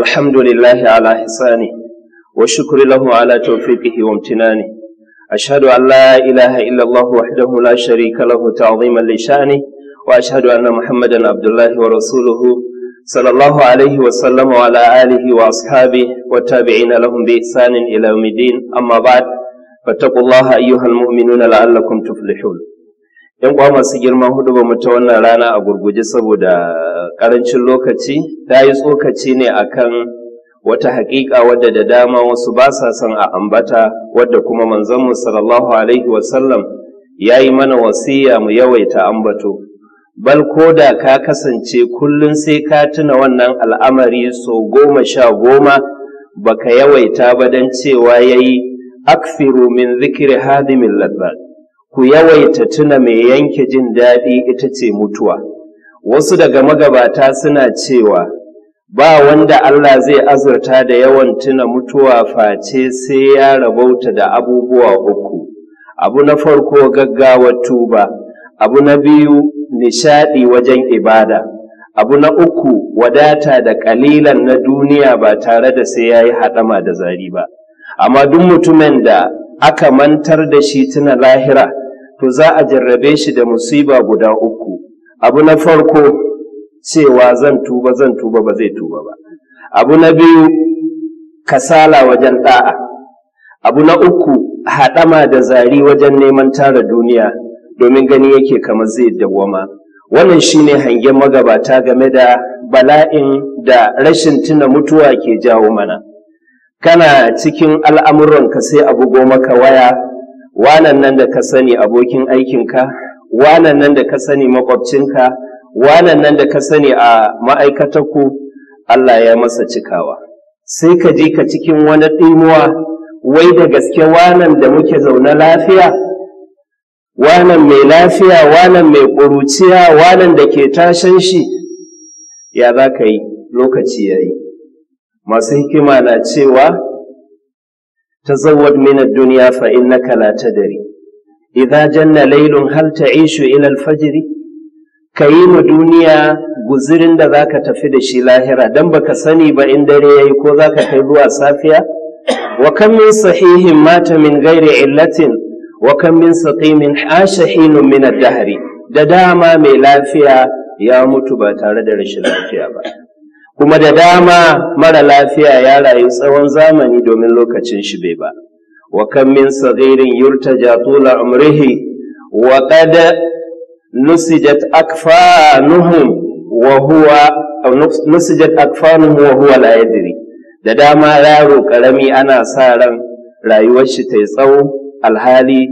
الحمد لله على إحسانه وشكر له على توفيقه وامتنانه أشهد أن لا إله إلا الله وحده لا شريك له تعظيما لشأنه وأشهد أن محمدا عبد الله ورسوله صلى الله عليه وسلم وعلى آله وأصحابه والتابعين لهم بإحسان إلى يوم الدين أما بعد فاتقوا الله أيها المؤمنون لعلكم تفلحون yan uwa masu girma hudu ba mu ta wannan rana a gurguje saboda ƙarancin lokaci ta yi tsokaci ne akan wata haƙiƙa wadda da dama wasu ba sa son a ambata wadda kuma manzanmu sallallahu alaihi wasallam ya yi mana wasiya mu yawaita ambato bal ko da ka kasance kullum sai ka tuna wannan al'amari sau goma sha goma baka yawaita ba don cewa ya yi akfiru min zikiri hadimin ladda ku yawaita tuna mai yanke jin daɗi ita ce mutuwa wasu daga magabata suna cewa ba wanda Allah zai azurta da yawan tuna mutuwa face sai ya rabauta da abubuwa uku abu na farko gaggawa tuba abu na biyu nishadi wajen ibada abu na uku wadata da kalilan na duniya ba tare da sai ya yi haɗama da zari ba amma duk mutumin da aka mantar da shi tuna lahira to za a jarrabe shi da musiba guda uku abu na farko cewa zan tuba zan tuba ba zai tuba ba abu na biyu kasala wajen da'a abu na uku haɗama da zari wajen neman tara duniya domin gani yake kamar zai dawwama wannan shine hangen magabata game da bala'in da rashin tuna mutuwa ke jawo mana kana cikin al'amuranka sai abu goma ka waya wanan nan da ka sani abokin aikinka wanan nan da ka sani makwabcinka wanan nan da ka sani a ma'aikatarku Allah ya masa cikawa sai ka je ka cikin wani ɗimuwa wai da gaske wanan da muke zaune lafiya wanan mai lafiya wanan mai ƙuruciya wanan da ke tashen shi ya za ka yi lokaci ya yi masu hikima na cewa ta min mina duniya fa innaka la dare idza janna laylun hal ta'ishu ilal fajiri, ka yi ma duniya guzirin da zaka tafi da shi lahira dan baka sani ba in dare yayi ko zaka kai zuwa safiya wa kam min sahihin mata min ghairi illatin wa kam min saqimin hasha min ad-dahr da dama mai lafiya ya mutu ba tare da rashin lafiya ba kuma da dama mara lafiya ya rayu tsawon zamani domin lokacin shi bai ba وكم من صغير يرتجى طول عمره وقد نسجت أكفانهم وهو أو نسجت da dama yaro ƙarami ana sa ran rayuwar shi ta tsawo alhali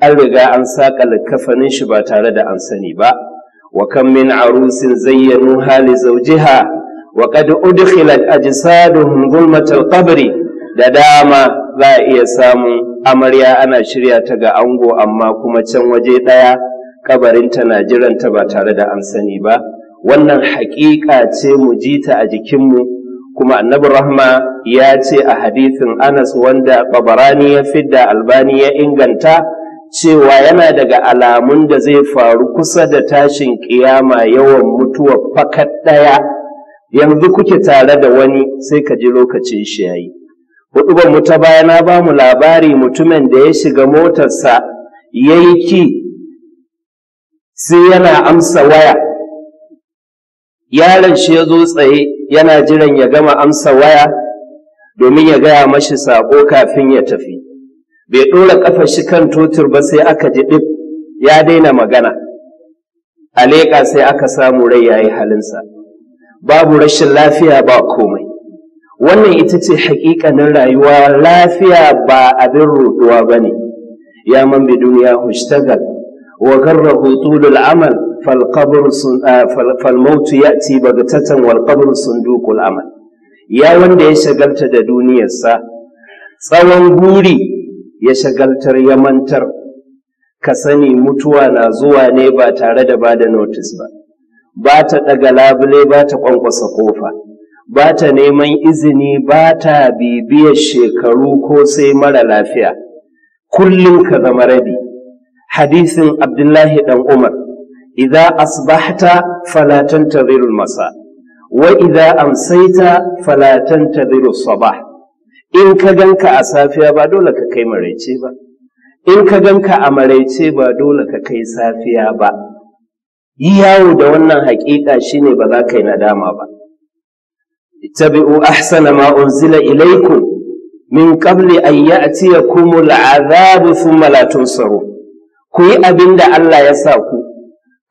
an riga an saƙa likafanin shi ba tare da an sani ba wa min arusin zayyanu hali zaujiha wa qad udkhilat ajsaduhum zulmatal qabri da dama za a iya samun amarya ana shirya ta ga ango amma kuma can waje ɗaya kabarinta na jiranta ba tare da an sani ba wannan haƙiƙa ce mu ji ta a jikinmu kuma annabi rahma ya ce a hadisin anas wanda babarani ya fidda albani ya inganta cewa yana daga alamun da zai faru kusa da tashin ƙiyama yawan mutuwa fakat ɗaya yanzu kuke tare da wani sai ka ji lokacin shi yayi Hudu ba mu ta baya na ba mu labari mutumin da ya shiga motarsa ya yi ki sai yana amsa waya yaron shi ya zo tsaye yana jiran ya gama amsa waya domin ya gaya mashi sako kafin ya tafi bai ɗora ƙafa shi kan totur ba sai aka ji ɗif ya daina magana a leƙa sai aka samu rai ya yi halinsa babu rashin lafiya ba komai wannan ita ce haƙiƙanin rayuwa lafiya ba abin ruɗuwa ba ne ya man bi duniya hushtagal wa garra hutulul amal falmautu ya ci fal wal qabr amal ya wanda ya shagalta da duniyarsa tsawon buri ya shagaltar ya mantar ka sani mutuwa na zuwa ne ba tare da bada notice ba ba ta ɗaga labule ba ta ƙwanƙwasa ƙofa ba ta neman izini ba ta bibiyar shekaru ko sai mara lafiya kullum ka zama rabi hadisin abdullahi dan umar idza asbahta fala tantazirul masa wa idza amsaita fala tantazirus sabah in ka ganka a safiya ba dole ka kai maraice ba in ka ganka a maraice ba dole ka kai safiya ba yi yawo da wannan haƙiƙa shine ba za ka yi nadama ba ittabi'u ahsana ma unzila ilaykum min qabli an ya'tiyakumul azabu thumma la tunsaru ku yi abin da Allah ya sa ku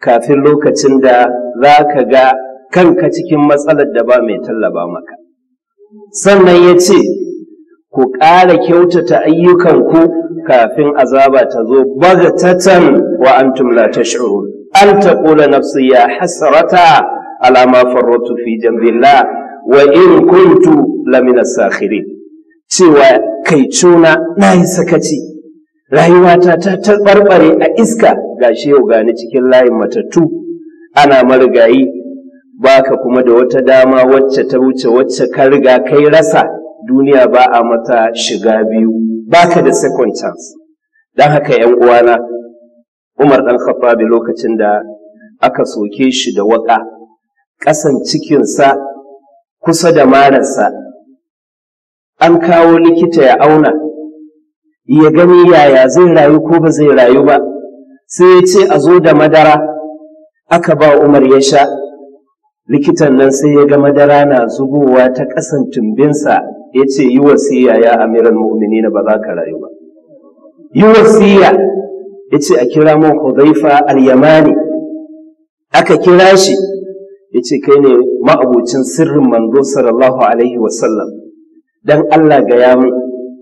kafin lokacin da za ka ga kanka cikin matsalar da ba mai tallaba maka sannan ya ce ku ƙara kyautata ayyukanku kafin azaba ta zo bagatatan wa antum la tash'urun an taqula nafsi ya hasarata ala ma fi jambillah wa in kuntu lamina sakhirin cewa kai cuna na yi sakaci rayuwata ta taɓarɓare a iska gashi yau gani cikin layin matattu ana marigayi baka kuma da wata dama wacce ta wuce wacce ka riga kai rasa duniya ba a mata shiga biyu baka da second chance don haka yan uwana umar ɗan khattab lokacin da aka soke shi da waka ƙasan cikinsa kusa da mararsa an kawo likita ya auna ya gani yaya zai rayu ko ba zai rayu ba sai ya ce a zo da madara aka ba umar ya sha likitan nan sai ya ga madara na zubowa ta ƙasan tumbinsa ya ce yi wasiya ya amiran na ba za ka rayu ba yi wasiya ya ce a kira mun hudhaifa al-yamani aka kira shi ya ce kai ne ma'abucin sirrin manzo sallallahu alaihi wasallam don Allah gaya mu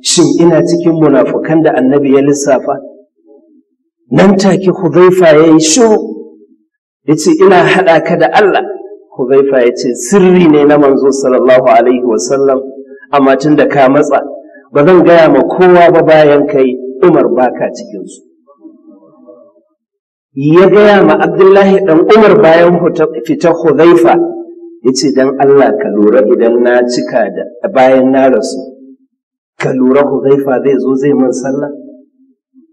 shin ina cikin munafukan da annabi ya lissafa nan take huzaifa yayi yi shiru ya ce ina haɗa ka da Allah huzaifa ya ce sirri ne na manzo sallallahu alaihi wasallam amma tun da ka matsa ba zan gaya ma kowa ba bayan kai umar baka cikinsu ya gaya ma Abdullahi ɗan Umar bayan fitar Hudhaifa ya ce don Allah ka lura idan na cika da bayan na rasu ka lura Hudhaifa zai zo zai man sallah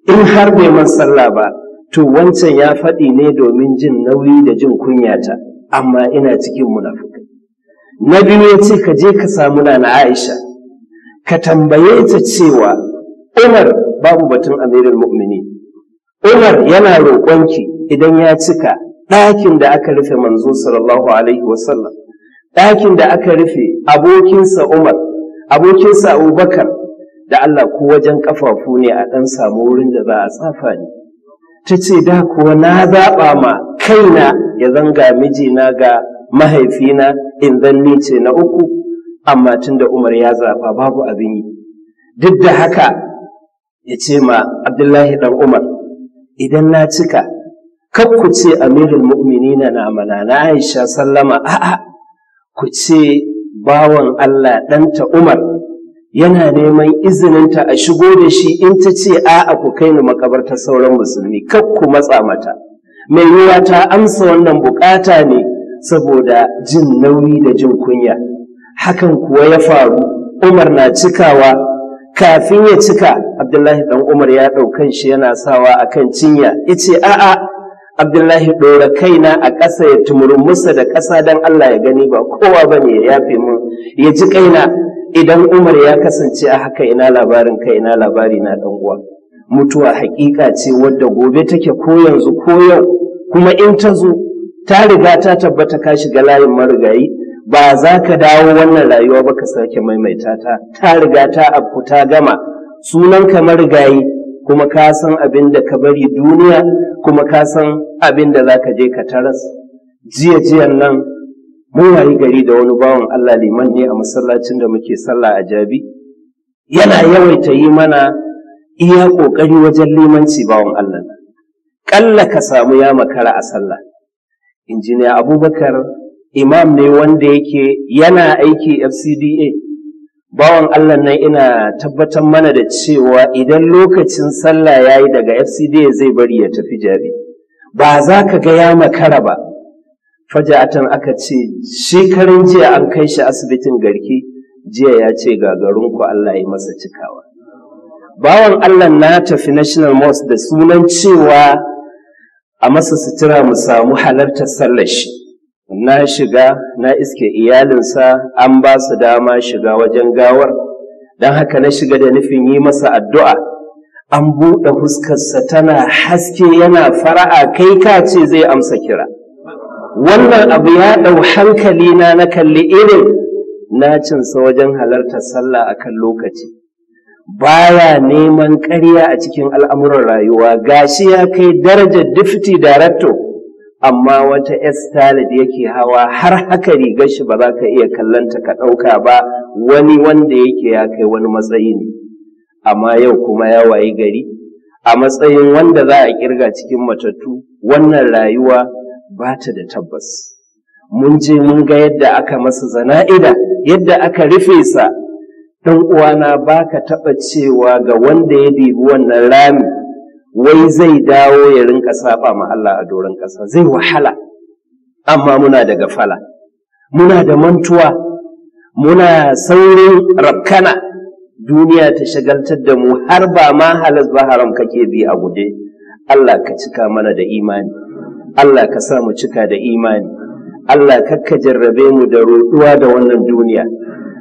in har bai man sallah ba to wancan ya faɗi ne domin jin nauyi da jin kunyata amma ina cikin munafuka na biyu ya ce ka je ka samu na Aisha ka tambaye ta cewa Umar babu batun amirul mu'minin Umar yana roƙonki idan ya cika ɗakin da aka rufe manzo sallallahu alaihi wasallam ɗakin da aka rufe abokinsa Umar abokinsa Abubakar da Allah ko wajen ƙafafu ne a ɗan samu wurin da za a tsafa ne, ta ce da kuwa na zaɓa ma kaina ya zanga mijina ga mahaifina in zan ni ce na uku amma tun da Umar ya zaɓa babu abin yi duk da haka ya ce ma Abdullahi ɗan Umar idan na cika kar ku ce amirul mu'mini na namana na Aisha sallama a'a ku ce bawan Allah ɗanta Umar yana neman izininta a shigo da shi in ta ce a'a ku kai ni makabartar sauran musulmi kar ku matsa mata mai ruwa ta amsa wannan bukata ne saboda jin nauyi da jin kunya hakan kuwa ya faru Umar na cikawa kafin ya cika abdullahi dan umar ya ɗaukan shi yana sawa a kan cinya ice a'a abdullahi ɗora kaina a ƙasa ya musa da ƙasa don allah ya gani ba kowa ba ne ya yafe mu ya ji kaina idan umar ya kasance a haka ina labarin ka? ina labari na ɗan uwa mutuwa haƙiƙa ce wadda gobe take ko yanzu ko yau kuma in ta zo ta riga ta tabbata ka shiga layin marigayi ba za ka dawo wannan rayuwa ba ka sake maimaita ta ta riga ta abu ta gama sunan ka marigayi kuma ka san abin da ka bari duniya kuma ka san abin da za ka je ka taras jiya jiyan nan mun wayi gari da wani bawan Allah liman ne a masallacin da muke sallah a jabi yana yawaita yi mana iya ƙoƙari wajen limanci bawan Allah ƙalla ka samu ya makara a sallah injiniya abubakar imam ne wanda yake yana aiki fcda bawan allah nan ina tabbatar mana da cewa idan lokacin sallah ya yi daga fcda zai bari ya tafi jari ba za ka ga ya makara ba faja'atan aka ce shekarun jiya an kai shi asibitin garki jiya ya ce ku allah ya masa cikawa bawan allah na tafi national mosque da sunan cewa a masa sutura mu samu halartar sallar shi na shiga na iske iyalinsa an ba su dama shiga wajen gawar don haka na shiga da nufin yi masa addu'a an buɗe fuskarsa tana haske yana fara'a kai ka ce zai amsa kira wannan abu ya ɗau hankali na na kalli irin Na cinsa wajen halartar sallah a kan lokaci baya neman ƙarya a cikin al'amuran rayuwa gashi ya kai darajar difti director amma wata estalid yake hawa har haka rigar shi ba za ka iya kallanta ka ɗauka ba wani wanda yake ya kai wani matsayi ne amma yau kuma ya wayi gari a matsayin wanda za a kirga cikin matattu wannan rayuwa ba ta da tabbas mun je mun ga yadda aka masa zana'ida yadda aka rufe sa ɗan uwana ba ka taɓa cewa ga wanda ya bibi wannan rami wai zai dawo ya rinka saba ma Allah a doron ƙasa zai wahala amma muna daga fala. muna da mantuwa muna saurin rabkana duniya ta shagaltar da mu har ba ma halas ba haram kake bi a guje Allah ka cika mana da imani Allah ka sa mu cika da imani Allah ka jarrabe mu da roɗuwa da wannan duniya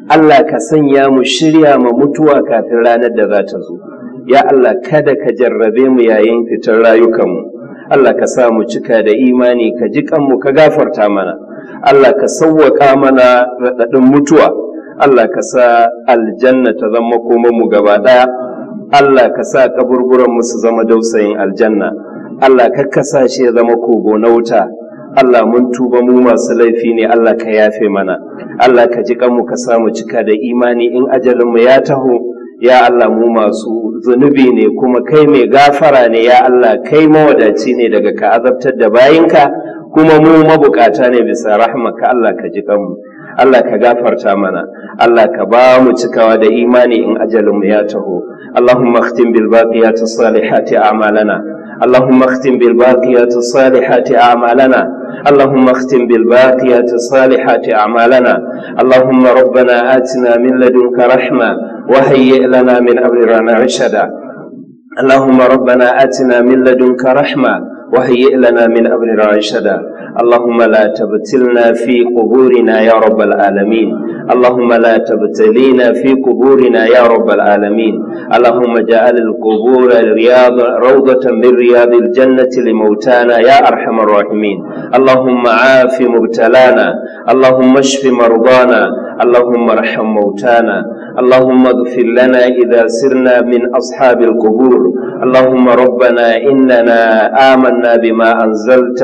Allah ka sanya mu shirya ma mutuwa kafin ranar da za ta zo ya Allah kada ka jarrabe mu yayin fitar rayukanmu Allah ka sa mu cika da imani ka ji kanmu ka gafarta mana Allah ka sauwaka mana raɗaɗin mutuwa Allah ka sa aljanna ta zama mu gaba ɗaya Allah ka sa mu su zama dausayin aljanna Allah ka sa shi ya zama kogo na wuta Allah mun tuba mu masu laifi ne Allah ka yafe mana Allah ka ji kanmu ka sa mu cika da imani in ajalinmu ya taho ya Allah mu masu zunubi ne kuma kai mai gafara ne ya Allah kai mawadaci ne daga ka azabtar da bayinka kuma mu mabukata ne bisa rahmaka Allah ka ji kanmu Allah ka gafarta mana Allah ka ba mu cikawa da imani in ajalinmu ya taho Allahumma khtim bil baqiyati salihati a'malana اللهم اختم بالباقيات الصالحات أعمالنا اللهم اختم بالباقيات الصالحات أعمالنا اللهم ربنا آتنا من لدنك رحمة وهيئ لنا من أمرنا رشدا اللهم ربنا آتنا من لدنك رحمة وهيئ لنا من أمرنا رشدا اللهم لا تبتلنا في قبورنا يا رب العالمين اللهم لا تبتلينا في قبورنا يا رب العالمين اللهم جعل القبور رياض روضة من رياض الجنة لموتانا يا أرحم الراحمين اللهم عاف مبتلانا اللهم اشف مرضانا اللهم ارحم موتانا اللهم اغفر لنا إذا سرنا من أصحاب القبور اللهم ربنا إننا آمنا بما أنزلت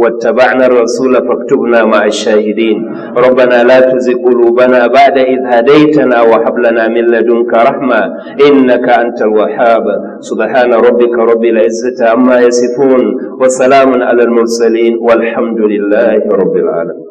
واتبعنا الرسول فاكتبنا مع الشاهدين ربنا لا تزغ قلوبنا بعد إذ هديتنا وهب لنا من لدنك رحمة إنك أنت الوهاب سبحان ربك رب العزة عما يصفون وسلام على المرسلين والحمد لله رب العالمين